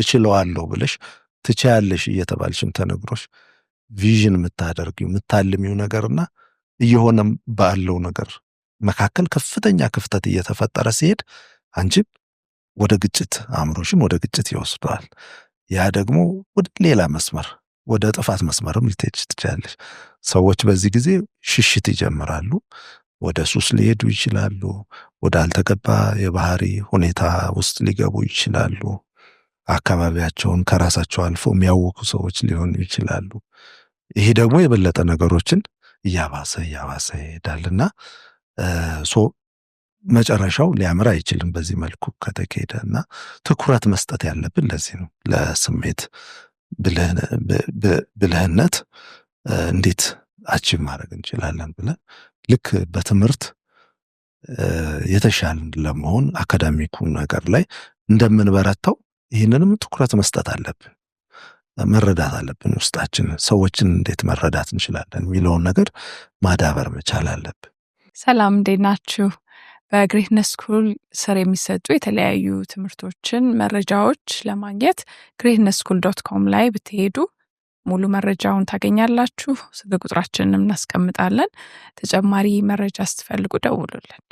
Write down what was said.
እችለዋለሁ ብለሽ ትቻያለሽ እየተባልሽም ተነግሮሽ ቪዥን የምታደርጊው የምታልሚው ነገርና እየሆነ ባለው ነገር መካከል ከፍተኛ ክፍተት እየተፈጠረ ሲሄድ አንቺም ወደ ግጭት አእምሮሽም ወደ ግጭት ይወስደዋል። ያ ደግሞ ወደ ሌላ መስመር ወደ ጥፋት መስመርም ልትሄድ ትችላለች። ሰዎች በዚህ ጊዜ ሽሽት ይጀምራሉ። ወደ ሱስ ሊሄዱ ይችላሉ። ወደ አልተገባ የባህሪ ሁኔታ ውስጥ ሊገቡ ይችላሉ። አካባቢያቸውን ከራሳቸው አልፎ የሚያወቁ ሰዎች ሊሆኑ ይችላሉ። ይሄ ደግሞ የበለጠ ነገሮችን እያባሰ እያባሰ ይሄዳልና ሶ መጨረሻው ሊያምር አይችልም በዚህ መልኩ ከተካሄደ እና ትኩረት መስጠት ያለብን ለዚህ ነው። ለስሜት ብልህነት እንዴት አቺቭ ማድረግ እንችላለን ብለን ልክ በትምህርት የተሻልን ለመሆን አካዳሚኩ ነገር ላይ እንደምንበረታው ይህንንም ትኩረት መስጠት አለብን፣ መረዳት አለብን። ውስጣችን ሰዎችን እንዴት መረዳት እንችላለን የሚለውን ነገር ማዳበር መቻል አለብን። ሰላም፣ እንዴት ናችሁ? በግሬትነስ ስኩል ስር የሚሰጡ የተለያዩ ትምህርቶችን መረጃዎች ለማግኘት ግሬትነስ ስኩል ዶት ኮም ላይ ብትሄዱ ሙሉ መረጃውን ታገኛላችሁ። ስልክ ቁጥራችንን እናስቀምጣለን። ተጨማሪ መረጃ ስትፈልጉ ደውሉልን።